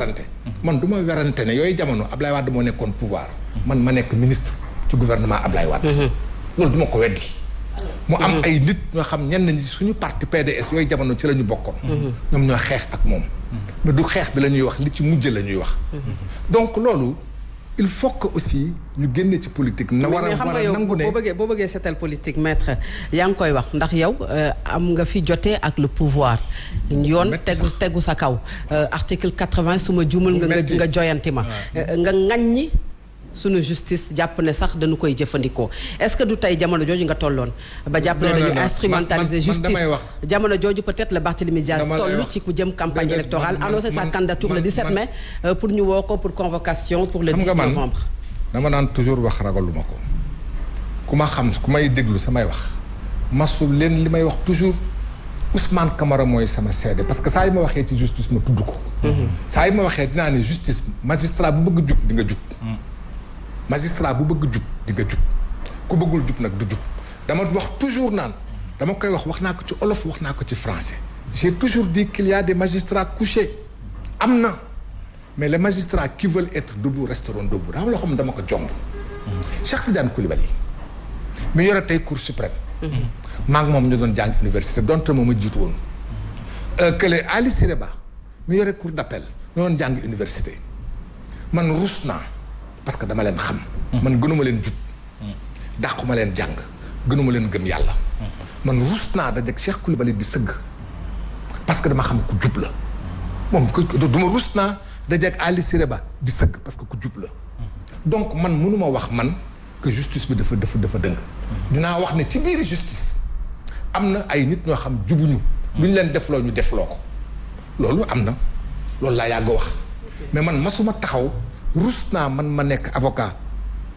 werante man du ma werante ne yooyu jamono Ablaye Wade moo nekkoon pouvoir man ma nekk ministre ci gouvernement Ablaye Wade mhm. loolu du ko weddi mu am mhm. ay nit ñoo xam ñenn ñi suñu parti PDS yooyu jamono ci la ñu bokkoon mhm. ñoom ñoo xeex ak moom mais du xeex bi la ñuy wax li ci mujj la ñuy wax donc loolu il faut que aussi ñu génne ci politique. na war a war a nangu ne boo bëggee boo bëggee seetal politique maître yaa ngi koy wax ndax yow euh, am nga fi jotee ak le pouvoir. yoon tegu tegu sa kaw. Euh, article quatre-vingt su ma juumal nga nga joyanti ma. Euh, nga ŋaññi. sunu justice jàpp ne sax dañu koy jëfandikoo est-ce que du tey jamono jooju nga tolloon. ba jàpp ne dañu instrumentaliser justice jamono jooju peut-être la Barthélémy Dias toll ci euh, ko pour convocation pour le 10 novembre. dama naan toujours wax ko ku ma xam ku may déglu samay wax masu leen li may wax toujours Ousmane Camara mooy sama seede parce que saa ma waxee ci justice ma tudd ko. Mhm. saa yi ma waxee justice magistrat bu bëgg jug di nga mhm. magistrat bu bëgg jub di jub ku bëggul jub nag du jub dama wax toujours naan dama koy wax wax naa ko ci olof wax naa ko ci français j'ai toujours di qu'il y a des magistrats couchés am na mais les magistrats qui veulent être debout resteront debout daa am loo xam ne dama ko jomb Cheikh Tidiane Koulibaly mu yore tey cour suprême maa moom ñu doon jàng université donte moom ma jiitu woon euh, kële Ali Sireba mu yore cour d'appel ñu doon jàng université man rus parce que dama leen xam. man gënuma leen jub. dàquma leen jàng gënuma leen gëm yàlla. man rus naa dajeeg Cheikh Koulibaly di sëgg. parce que dama xam ku jub la. moom du ma rus naa dajeeg Ali Ba di sëgg parce que ku jub la. donc man mënuma wax man que justice bi dafa dafa dafa dëng. dinaa wax ne ci biir justice am na ay nit ñoo xam jubuñu. lu ñu leen defloo ñu defloo ko. loolu am na loolu laa yàgg wax mais man masuma taxaw. rus naa man ma nekk avocat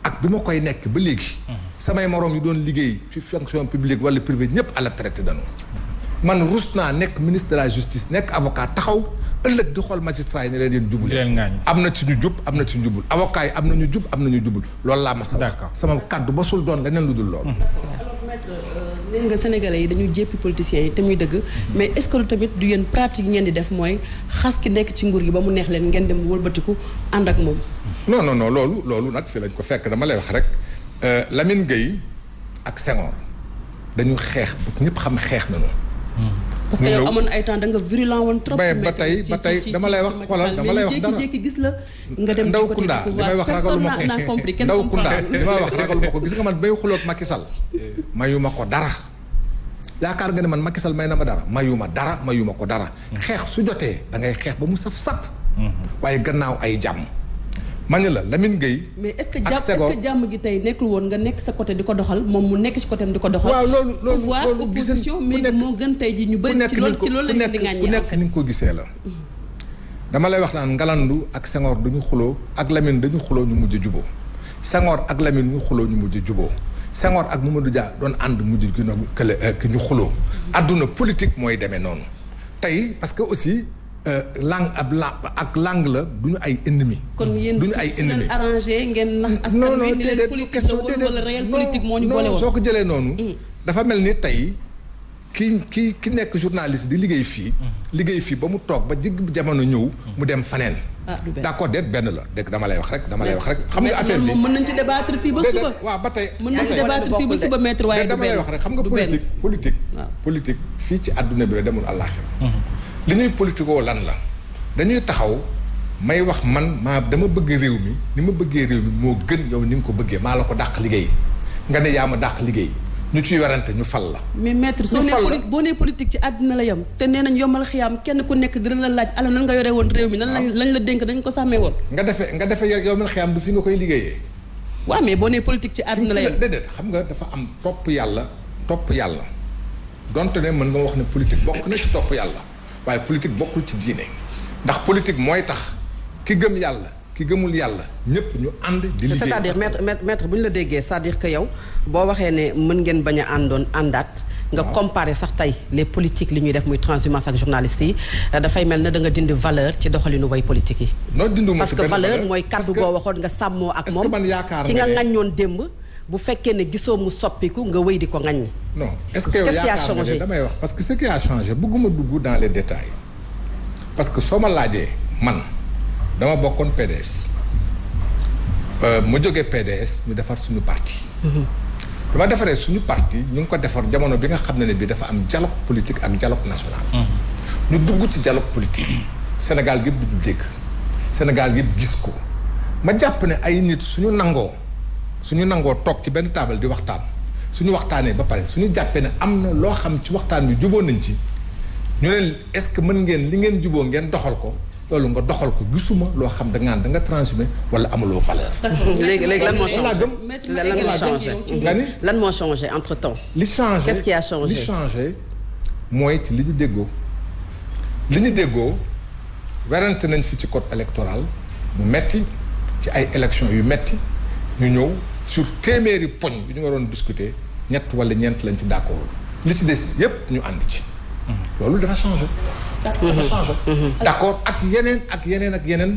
ak bi ma koy nekk ba léegi. samay moroom yu doon liggéey ci fonction publique wala privée ñëpp à traité danu man rus naa nekk ministre la justice nekk avocat taxaw ëllëg di xool magistrat yi ne leen yéen jubul. am na ci ñu jub am na ci ñu jubul avocat yi am na ñu jub am na ñu jubul loolu laa ma sa wax. sama kàddu ba sul doon leneen lu dul loolu. nee nga sénégalais yi dañuy jéppi politiciens yi te muy dëgg mais est-ce que lu tamit du yéen pratique ngeen di def mooy xas ki nekk ci nguur gi ba mu neex leen ngeen dem wëlbatiku ànd ak moom non non non loolu loolu nag fii lañ ko fekk dama lay wax rek euh, Lamine Gueye ak Senghor dañu ñëpp xam xeex nañu parce que yow amoon ay temps ba tey ba tey dama lay wax xoolal dama lay wax dara jékki gis la nga dem ndaw Kounda li may wax ragaluma ko ndaw Kounda li may wax ragaluma ko gis nga man bay xuloot Macky Sall mayuma ko dara yaakaar nga ne man Macky Sall may na ma dara mayuma dara mayuma ko dara. Mm-hmm. xeex su jotee da ngay xeex ba mu saf sap. Mm-hmm. waaye gannaaw ay jàmm. ma ne la Lamine Gueye. mais est-ce que jàmm jàmm ji tey nekkul woon nga nekk sa côté di ko doxal moom mu nekk ci côté di ko doxal. waaw loolu loolu loolu opposition mais moo gën tey ji ñu bëri ci loolu ci loolu la ñu di ŋàññee ku nekk ni nga ko gisee la. dama lay wax naan Ngalandu ak Senghor duñu xuloo ak Lamine dañu xuloo ñu mujj juboo Senghor ak Lamine ñu xuloo ñu mujj juboo Senghor ak Mamadou Dia doon ànd mujj gi noonu kële euh, ki ñu xuloo àdduna politique mooy demee noonu tey parce que aussi euh, langue ab la ak langue la du ñu ay ennemis. kon yéen du ñu ay ennemis arrangé ngeen nax askan wi ni leen politique la woon moo ñu boole woon soo ko jëlee noonu. Mm. dafa mel ni tey ki ki ki nekk journaliste di liggéey fii. Mm. liggéey fii ba mu toog ba jig jamono ñëw. mu dem faneen. ah du benn d'accord déet benn la dégg dama lay wax rek dama lay wax rek. xam nga affaire bi mën nañ ci débattre fii ba suba. waaw ba tey mën nañ ci débattre fii ba suba maître waaye dama lay wax rek xam nga politique politique. fii ci àdduna bi la demul àllaaxira. Mhm. li ñuy politikoo lan la dañuy taxaw may wax man maa dama bëgg réew mi ni ma bëggee réew mi moo gën yow ni nga ko bëggee maa la ko dàq liggéey nga ne yaa ma dàq liggéey. ñu ciy werante ñu fal la. mais maître soo nee boo nee politique ci àddina la yem. te nee nañ yombal xiyaam kenn ku nekk dina la laaj ala na nga yore woon réew mi nan lañ la dénk dañ ko sàmmee woon. nga defee nga defee yombal xiyaam du fi nga koy liggéeyee. waaw mais boo nee politique ci àddina la yem déedéet xam nga dafa am topp yàlla topp yàlla donte ne mën nga wax ne politique bokk na ci topp yàlla waaye politique bokkul ci diine ndax politique mooy tax ki gëm yàlla. ki gëmul yàlla ñëpp ñu ànd di liggéey c'est-à-dire maître bu ñu la déggee c'est-à-dire que boo waxee ne mën ngeen bañ a àndoon àndaat nga comparer sax tey les politiques li ñuy def muy transhumance ak journalistes yi euh, dafay mel ne danga nga valeur ci doxalinu way politique yi non dinduma parce que valeur mooy kàddu goo waxoon nga sàmmoo ak moom ki nga ŋaññoon démb bu fekkee ne gisoo mu soppiku nga wéy di ko ngañ ni est-ce que yow yaakaar nga ne parce que ce qui a changé bëgguma dugg dans les parce que soo ma laajee man dama bokkoon PDS euh, ma jóge PDS ñu defar suñu parti. Mm-hmm. dama defaree suñu parti ñu ngi ko defar jamono bi nga xam ne ne bi dafa am dialogue politique ak dialogue national. Mm-hmm. ñu dugg ci dialogue politique. Mm-hmm. Sénégal yëpp du dégg. Sénégal yëpp gis ko ma jàpp ne ay nit suñu nangoo suñu nangoo toog ci benn taabal di waxtaan suñu waxtaanee ba pare suñu jàppee ne am na loo xam ci waxtaan bi juboo nañ ci ñu ne est-ce que mën ngeen li ngeen juboo ngeen doxal ko. loolu nga doxal ko gisuma loo xam da ngaan da nga transhumer wala amuloo valeur. léegi léegi lan moo changé lan moo lan moo changé entre temps. li changé qu'est-ce qui a changé li changé mooy ci li ñu déggoo. li ñu déggoo werante nañ fi ci code électoral mu metti ci ay élections yu metti ñu ñëw sur téeméeri poñ bi ñu waroon discuter ñett wala ñeent lañ ci d'accord li ci des yépp ñu ànd ci. Mm-hmm. loolu dafa changé. Mhm. Mhm. d'accord ak yeneen ak yeneen ak yeneen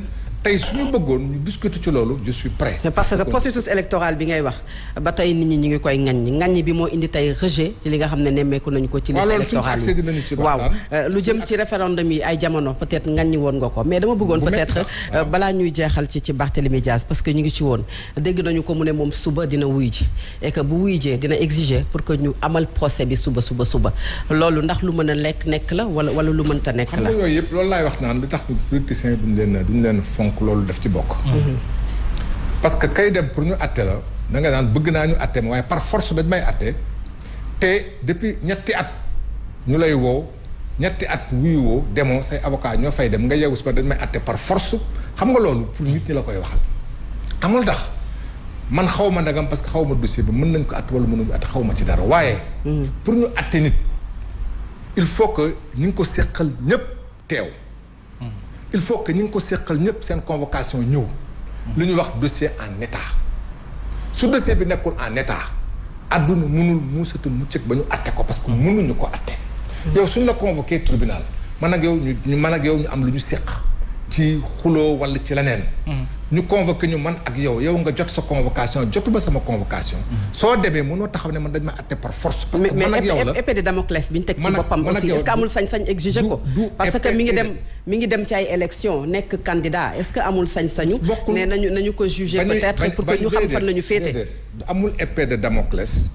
tey su ñu bëggoon ñu discuter ci loolu je suis prêt. parce que processus électoral bi ngay wax ba tey nit ñi ñu ngi koy ŋaññi ŋaññi bi moo indi tey rejet ci li nga xam ne nemmeeku nañu ko. ci liste électorale yi waaw euh, lu jëm ci référendum yi ay jamono peut-être ŋaññi woon nga ko mais dama bëggoon peut-être euh, balaa ñuy jeexal ci ci Barthélémy Dias parce que ñu ngi ci woon dégg nañu ko mu ne moom suba dina wuy ji et que bu wuy jee dina exiger pour que ñu amal procès bi suba suba suba loolu ndax lu mën a lekk nekk la wala wala lu mënta nekk la. xam nga yooyu yëpp loolu laay wax naan lu tax politiciens duñ leen duñ leen fonk loolu daf ci bokk. Mhm. parce que kay dem pour ñu atte la da nga naan bëgg naa ñu atte ma waaye par force dañ may atte te depuis ñetti at ñu lay woo ñetti at wuyu demoo say avocat ñoo fay dem nga yeewu suba dañ may atte par force xam nga loolu pour nit ñi la koy waxal. amul tax man xaw ma ndagam parce que xaw ma dossier ba mën nañ ko att wala mënuñu at xaw ma ci dara waaye. Mhm. pour ñu atte nit il faut que ñu ngi ko seqal ñëpp teew. il faut que ñu ngi ko seqal ñëpp seen convocation ñëw lu ñu wax dossier en état su dossier bi nekkul en état adduna mënul muusatul mu cëg ba ñu atte ko parce que mënuñu ko atte mm-hmm. yow suñ la convoqué tribunal man ak yow ñu man ak yow ñu am lu ñu seq ci xuloo wala ci leneen. Mm. ñu convoqué ñu man ak yow yow nga jot sa convocation ba sama convocation. Mm. soo demee noo taxaw ne man dañ ma àtte par force. parce que man ak yow la mais que amul sañ-sañ ngi dem mi ngi dem ci ay élection nekk candidat est-ce que amul sañ-sañu. bokkul nee nañu nañu ko juger peut-être pour que ñu xam fan la ñu féete. amul épée de Damoclès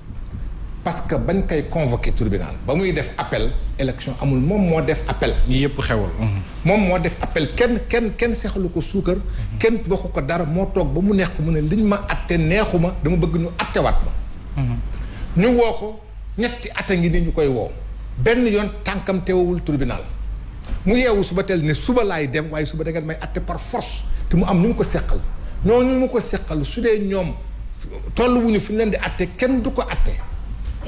parce que bañ kay convoqué tribunal ba muy def appel. élection amul moom moo def appel. ñi yëpp xewal. Mm-hmm. moom moo def appel kenn kenn kenn seexalu ko suukar. Mm-hmm. kenn waxu ko dara moo toog ba mu neex ko mu ne liñ ma atte neexuma dama bëgg ñu attewaat ma. Mm-hmm. ñu woo ko ñetti at a ngi ni ñu koy woo. benn yoon tànkam teewul tribunal mu yeewu suba teel ne suba laay dem waaye suba da ngeen may atte par force te mu am ñu mu ko seqal ñooñu mu ko seqal su dee ñoom toll wuñu fu ñu leen di atte kenn du ko atte.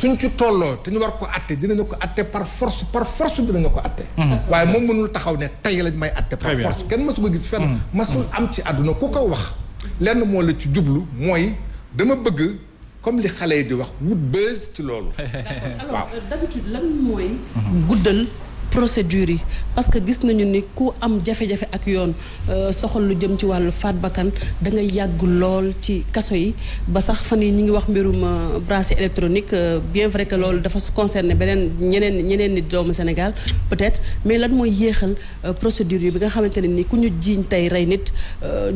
ñu ci tolloo te ñu war ko dina dinañu ko atte par force par force dinañu ko atte mhm. waaye moom mënul taxaw ne tey lañ may atte par force kenn masu ko gis fenn mhm. masul am ci àdduna ku ko wax lenn moo la ci jublu mooy dama bëgg comme li xale yi di wax wut buzz ci loolu waaw euh, d'habitude lan mooy mhm. guddal procédure yi parce que gis nañu ni ku am jafe-jafe ak yoon euh, soxal lu jëm ci wàllu faat bakkan da ngay yàgg lool ci kaso yi ba sax fan yi ñi ngi wax mbirum euh, bracelet électronique euh, bien vrai que loolu dafa concerné beneen ñeneen ñeneen ni doomu Sénégal peut-être mais lan mooy yéexal procédure yi bi nga xamante ne ni ku ñu jiiñ tey rey nit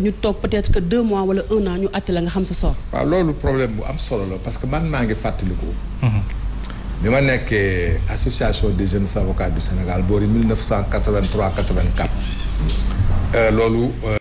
ñu toog peut-être que deux mois wala un an ñu àtte la nga xam sa sor waaw loolu problème bu am solo la parce que man maa ngi fàttaliku mm-hmm. bi ma nekkee association des jeunes avocats du Sénégal boori 1983 84 euh, loolu. Euh,